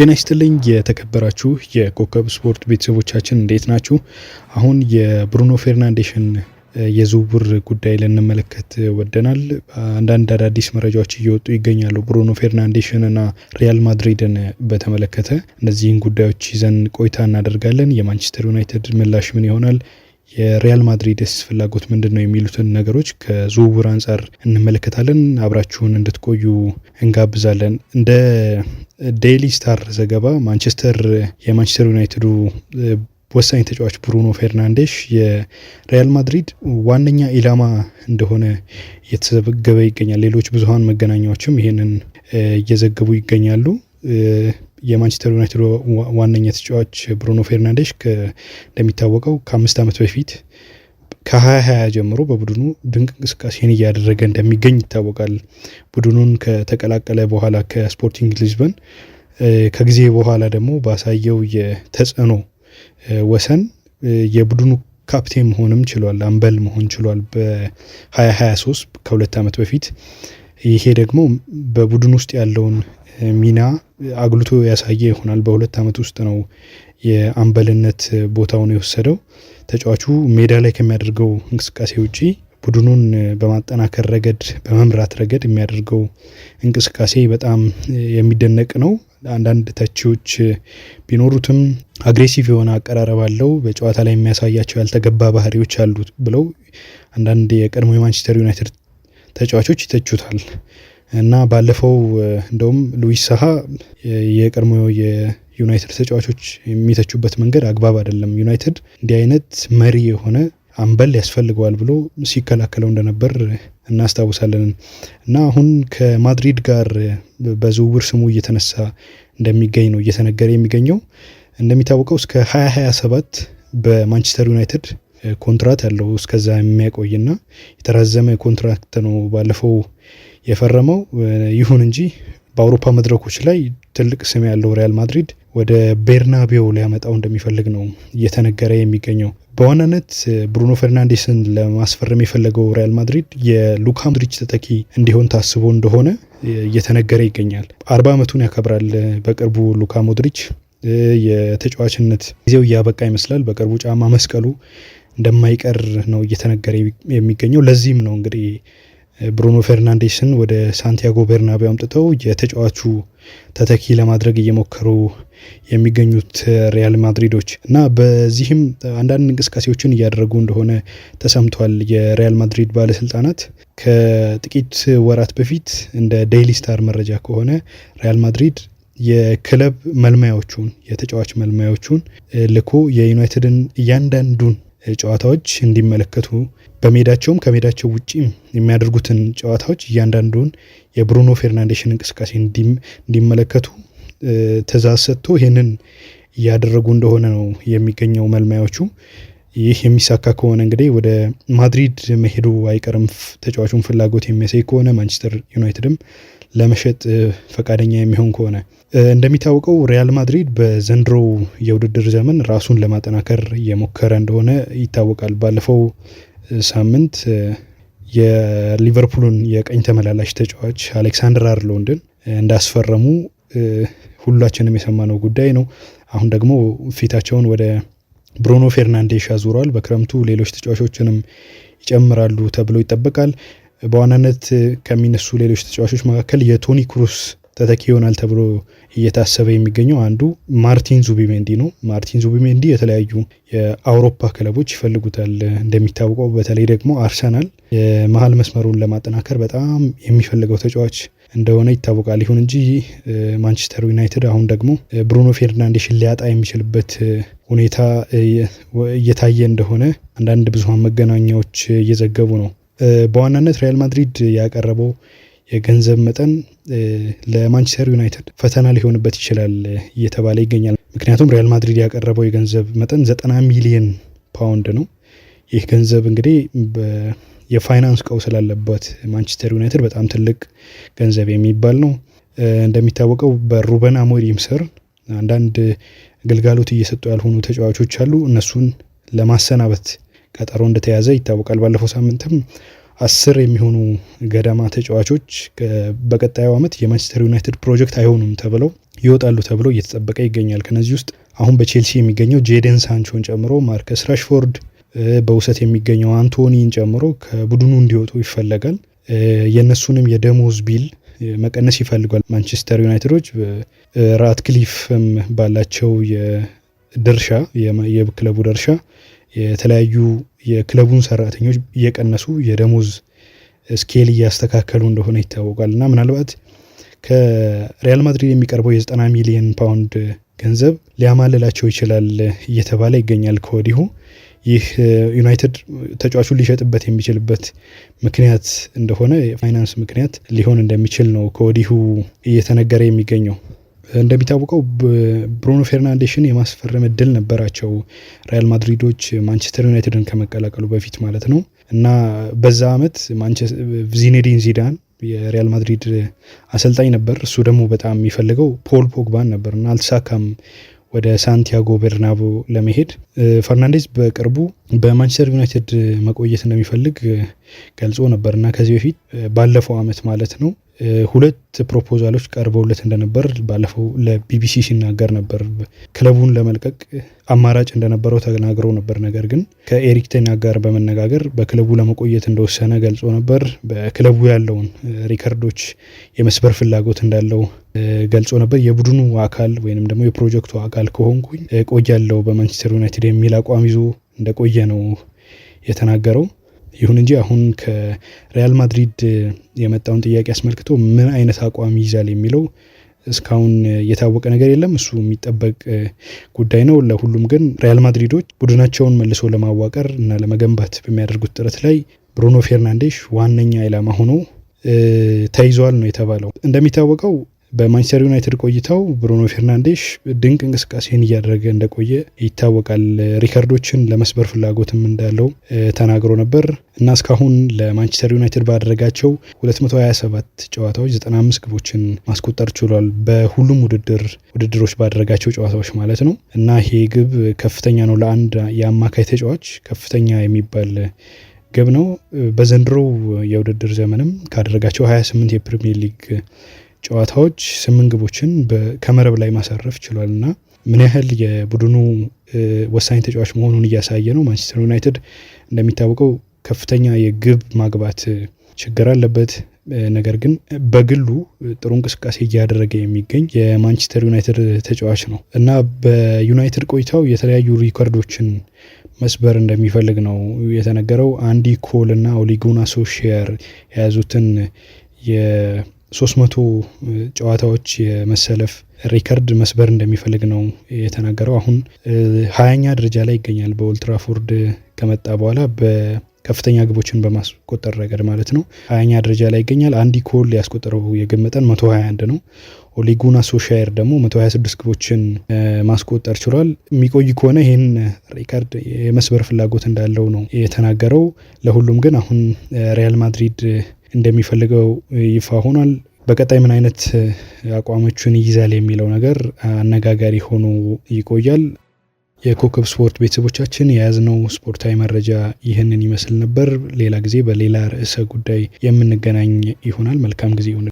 ጤና ይስጥልኝ የተከበራችሁ የኮከብ ስፖርት ቤተሰቦቻችን እንዴት ናችሁ? አሁን የብሩኖ ፌርናንዴሽን የዝውውር ጉዳይ ልንመለከት ወደናል። አንዳንድ አዳዲስ መረጃዎች እየወጡ ይገኛሉ። ብሩኖ እና ሪያል ማድሪድን በተመለከተ እነዚህን ጉዳዮች ይዘን ቆይታ እናደርጋለን። የማንቸስተር ዩናይትድ ምላሽ ምን ይሆናል? የሪያል ማድሪድስ ፍላጎት ምንድን ነው የሚሉትን ነገሮች ከዝውውር አንጻር እንመለከታለን። አብራችሁን እንድትቆዩ እንጋብዛለን። እንደ ዴይሊ ስታር ዘገባ ማንቸስተር የማንቸስተር ዩናይትዱ ወሳኝ ተጫዋች ብሩኖ ፌርናንዴሽ የሪያል ማድሪድ ዋነኛ ኢላማ እንደሆነ እየተዘገበ ይገኛል። ሌሎች ብዙሀን መገናኛዎችም ይህንን እየዘገቡ ይገኛሉ። የማንቸስተር ዩናይትድ ዋነኛ ተጫዋች ብሩኖ ፌርናንዴሽ እንደሚታወቀው ከአምስት ዓመት በፊት ከሀያ ሀያ ጀምሮ በቡድኑ ድንቅ እንቅስቃሴን እያደረገ እንደሚገኝ ይታወቃል። ቡድኑን ከተቀላቀለ በኋላ ከስፖርቲንግ ሊዝበን ከጊዜ በኋላ ደግሞ ባሳየው የተጽዕኖ ወሰን የቡድኑ ካፕቴን መሆንም ችሏል። አምበል መሆን ችሏል። በ2023 ከሁለት ዓመት በፊት ይሄ ደግሞ በቡድን ውስጥ ያለውን ሚና አጉልቶ ያሳየ ይሆናል። በሁለት ዓመት ውስጥ ነው የአምበልነት ቦታውን የወሰደው። ተጫዋቹ ሜዳ ላይ ከሚያደርገው እንቅስቃሴ ውጪ ቡድኑን በማጠናከር ረገድ፣ በመምራት ረገድ የሚያደርገው እንቅስቃሴ በጣም የሚደነቅ ነው። አንዳንድ ተቺዎች ቢኖሩትም አግሬሲቭ የሆነ አቀራረብ አለው፣ በጨዋታ ላይ የሚያሳያቸው ያልተገባ ባህሪዎች አሉት ብለው አንዳንድ የቀድሞ የማንቸስተር ዩናይትድ ተጫዋቾች ይተቹታል እና ባለፈው እንደውም ሉዊስ ሳሀ የቀድሞ የዩናይትድ ተጫዋቾች የሚተቹበት መንገድ አግባብ አይደለም፣ ዩናይትድ እንዲህ አይነት መሪ የሆነ አምበል ያስፈልገዋል ብሎ ሲከላከለው እንደነበር እናስታውሳለን እና አሁን ከማድሪድ ጋር በዝውውር ስሙ እየተነሳ እንደሚገኝ ነው እየተነገረ የሚገኘው። እንደሚታወቀው እስከ 2027 በማንቸስተር ዩናይትድ ኮንትራት ያለው እስከዛ የሚያቆይና የተራዘመ ኮንትራክት ነው ባለፈው የፈረመው። ይሁን እንጂ በአውሮፓ መድረኮች ላይ ትልቅ ስም ያለው ሪያል ማድሪድ ወደ ቤርናቤው ሊያመጣው እንደሚፈልግ ነው እየተነገረ የሚገኘው። በዋናነት ብሩኖ ፈርናንዴስን ለማስፈረም የፈለገው ሪያል ማድሪድ የሉካ ሞድሪች ተተኪ እንዲሆን ታስቦ እንደሆነ እየተነገረ ይገኛል። አርባ ዓመቱን ያከብራል በቅርቡ ሉካ ሞድሪች። የተጫዋችነት ጊዜው እያበቃ ይመስላል። በቅርቡ ጫማ መስቀሉ እንደማይቀር ነው እየተነገረ የሚገኘው። ለዚህም ነው እንግዲህ ብሩኖ ፌርናንዴስን ወደ ሳንቲያጎ ቤርናቤ አምጥተው የተጫዋቹ ተተኪ ለማድረግ እየሞከሩ የሚገኙት ሪያል ማድሪዶች እና በዚህም አንዳንድ እንቅስቃሴዎችን እያደረጉ እንደሆነ ተሰምቷል። የሪያል ማድሪድ ባለስልጣናት ከጥቂት ወራት በፊት እንደ ዴይሊ ስታር መረጃ ከሆነ ሪያል ማድሪድ የክለብ መልማዮቹን የተጫዋች መልማዮቹን ልኮ የዩናይትድን እያንዳንዱን ጨዋታዎች እንዲመለከቱ በሜዳቸውም ከሜዳቸው ውጭ የሚያደርጉትን ጨዋታዎች እያንዳንዱን የብሩኖ ፌርናንዴሽን እንቅስቃሴ እንዲመለከቱ ትዛዝ ሰጥቶ ይህንን እያደረጉ እንደሆነ ነው የሚገኘው መልማዮቹ። ይህ የሚሳካ ከሆነ እንግዲህ ወደ ማድሪድ መሄዱ አይቀርም። ተጫዋቹን ፍላጎት የሚያሳይ ከሆነ ማንቸስተር ዩናይትድም ለመሸጥ ፈቃደኛ የሚሆን ከሆነ እንደሚታወቀው ሪያል ማድሪድ በዘንድሮው የውድድር ዘመን ራሱን ለማጠናከር እየሞከረ እንደሆነ ይታወቃል። ባለፈው ሳምንት የሊቨርፑሉን የቀኝ ተመላላሽ ተጫዋች አሌክሳንደር አርሎንድን እንዳስፈረሙ ሁላችንም የሰማነው ጉዳይ ነው። አሁን ደግሞ ፊታቸውን ወደ ብሩኖ ፌርናንዴሽ አዙረዋል። በክረምቱ ሌሎች ተጫዋቾችንም ይጨምራሉ ተብሎ ይጠበቃል። በዋናነት ከሚነሱ ሌሎች ተጫዋቾች መካከል የቶኒ ክሩስ ተተኪ ይሆናል ተብሎ እየታሰበ የሚገኘው አንዱ ማርቲን ዙቢሜንዲ ነው። ማርቲን ዙቢሜንዲ የተለያዩ የአውሮፓ ክለቦች ይፈልጉታል። እንደሚታወቀው በተለይ ደግሞ አርሰናል የመሀል መስመሩን ለማጠናከር በጣም የሚፈልገው ተጫዋች እንደሆነ ይታወቃል። ይሁን እንጂ ማንቸስተር ዩናይትድ አሁን ደግሞ ብሩኖ ፌርናንዴሽን ሊያጣ የሚችልበት ሁኔታ እየታየ እንደሆነ አንዳንድ ብዙሃን መገናኛዎች እየዘገቡ ነው። በዋናነት ሪያል ማድሪድ ያቀረበው የገንዘብ መጠን ለማንቸስተር ዩናይትድ ፈተና ሊሆንበት ይችላል እየተባለ ይገኛል። ምክንያቱም ሪያል ማድሪድ ያቀረበው የገንዘብ መጠን ዘጠና ሚሊየን ፓውንድ ነው። ይህ ገንዘብ እንግዲህ የፋይናንስ ቀውስ ስላለበት ማንቸስተር ዩናይትድ በጣም ትልቅ ገንዘብ የሚባል ነው። እንደሚታወቀው በሩበን አሞሪም ስር አንዳንድ ግልጋሎት እየሰጡ ያልሆኑ ተጫዋቾች አሉ። እነሱን ለማሰናበት ቀጠሮ እንደተያዘ ይታወቃል። ባለፈው ሳምንትም አስር የሚሆኑ ገደማ ተጫዋቾች በቀጣዩ ዓመት የማንቸስተር ዩናይትድ ፕሮጀክት አይሆኑም ተብለው ይወጣሉ ተብሎ እየተጠበቀ ይገኛል። ከነዚህ ውስጥ አሁን በቼልሲ የሚገኘው ጄደን ሳንቾን ጨምሮ ማርከስ ራሽፎርድ፣ በውሰት የሚገኘው አንቶኒን ጨምሮ ከቡድኑ እንዲወጡ ይፈለጋል። የእነሱንም የደሞዝ ቢል መቀነስ ይፈልጓል ማንቸስተር ዩናይትዶች። ራትክሊፍም ባላቸው የድርሻ የክለቡ ድርሻ የተለያዩ የክለቡን ሰራተኞች እየቀነሱ የደሞዝ ስኬል እያስተካከሉ እንደሆነ ይታወቃል እና ምናልባት ከሪያል ማድሪድ የሚቀርበው የ90 ሚሊዮን ፓውንድ ገንዘብ ሊያማልላቸው ይችላል እየተባለ ይገኛል ከወዲሁ። ይህ ዩናይትድ ተጫዋቹን ሊሸጥበት የሚችልበት ምክንያት እንደሆነ የፋይናንስ ምክንያት ሊሆን እንደሚችል ነው ከወዲሁ እየተነገረ የሚገኘው። እንደሚታወቀው ብሩኖ ፌርናንዴሽን የማስፈረም እድል ነበራቸው ሪያል ማድሪዶች ማንቸስተር ዩናይትድን ከመቀላቀሉ በፊት ማለት ነው። እና በዛ ዓመት ዚኔዲን ዚዳን የሪያል ማድሪድ አሰልጣኝ ነበር። እሱ ደግሞ በጣም የሚፈልገው ፖል ፖግባን ነበር እና አልተሳካም ወደ ሳንቲያጎ በርናቦ ለመሄድ። ፈርናንዴዝ በቅርቡ በማንቸስተር ዩናይትድ መቆየት እንደሚፈልግ ገልጾ ነበር እና ከዚህ በፊት ባለፈው ዓመት ማለት ነው ሁለት ፕሮፖዛሎች ቀርበውለት እንደነበር ባለፈው ለቢቢሲ ሲናገር ነበር። ክለቡን ለመልቀቅ አማራጭ እንደነበረው ተናግረው ነበር። ነገር ግን ከኤሪክ ቴና ጋር በመነጋገር በክለቡ ለመቆየት እንደወሰነ ገልጾ ነበር። በክለቡ ያለውን ሪከርዶች የመስበር ፍላጎት እንዳለው ገልጾ ነበር። የቡድኑ አካል ወይንም ደግሞ የፕሮጀክቱ አካል ከሆንኩኝ ቆያለው በማንቸስተር ዩናይትድ የሚል አቋም ይዞ እንደቆየ ነው የተናገረው። ይሁን እንጂ አሁን ከሪያል ማድሪድ የመጣውን ጥያቄ አስመልክቶ ምን አይነት አቋም ይዛል የሚለው እስካሁን የታወቀ ነገር የለም። እሱ የሚጠበቅ ጉዳይ ነው። ለሁሉም ግን ሪያል ማድሪዶች ቡድናቸውን መልሶ ለማዋቀር እና ለመገንባት በሚያደርጉት ጥረት ላይ ብሩኖ ፌርናንዴሽ ዋነኛ ኢላማ ሆኖ ተይዟል ነው የተባለው። እንደሚታወቀው በማንቸስተር ዩናይትድ ቆይታው ብሩኖ ፌርናንዴሽ ድንቅ እንቅስቃሴን እያደረገ እንደቆየ ይታወቃል። ሪከርዶችን ለመስበር ፍላጎትም እንዳለው ተናግሮ ነበር እና እስካሁን ለማንቸስተር ዩናይትድ ባደረጋቸው 227 ጨዋታዎች 95 ግቦችን ማስቆጠር ችሏል። በሁሉም ውድድር ውድድሮች ባደረጋቸው ጨዋታዎች ማለት ነው እና ይሄ ግብ ከፍተኛ ነው። ለአንድ የአማካይ ተጫዋች ከፍተኛ የሚባል ግብ ነው። በዘንድሮው የውድድር ዘመንም ካደረጋቸው 28 የፕሪሚየር ሊግ ጨዋታዎች ስምንት ግቦችን ከመረብ ላይ ማሳረፍ ችሏል እና ምን ያህል የቡድኑ ወሳኝ ተጫዋች መሆኑን እያሳየ ነው። ማንቸስተር ዩናይትድ እንደሚታወቀው ከፍተኛ የግብ ማግባት ችግር አለበት። ነገር ግን በግሉ ጥሩ እንቅስቃሴ እያደረገ የሚገኝ የማንቸስተር ዩናይትድ ተጫዋች ነው እና በዩናይትድ ቆይታው የተለያዩ ሪከርዶችን መስበር እንደሚፈልግ ነው የተነገረው። አንዲ ኮል እና ኦሊጉና ሶሽየር የያዙትን ሶስት መቶ ጨዋታዎች የመሰለፍ ሪከርድ መስበር እንደሚፈልግ ነው የተናገረው። አሁን ሀያኛ ደረጃ ላይ ይገኛል በኦልትራፎርድ ከመጣ በኋላ በከፍተኛ ግቦችን በማስቆጠር ረገድ ማለት ነው። ሀያኛ ደረጃ ላይ ይገኛል። አንዲ ኮል ያስቆጠረው የግብ መጠን 121 ነው። ኦሊጉና ሶሻየር ደግሞ 126 ግቦችን ማስቆጠር ችሏል። የሚቆይ ከሆነ ይህን ሪካርድ የመስበር ፍላጎት እንዳለው ነው የተናገረው። ለሁሉም ግን አሁን ሪያል ማድሪድ እንደሚፈልገው ይፋ ሆኗል። በቀጣይ ምን አይነት አቋሞቹን ይይዛል የሚለው ነገር አነጋጋሪ ሆኖ ይቆያል። የኮከብ ስፖርት ቤተሰቦቻችን የያዝነው ስፖርታዊ መረጃ ይህንን ይመስል ነበር። ሌላ ጊዜ በሌላ ርዕሰ ጉዳይ የምንገናኝ ይሆናል። መልካም ጊዜ ይሁን።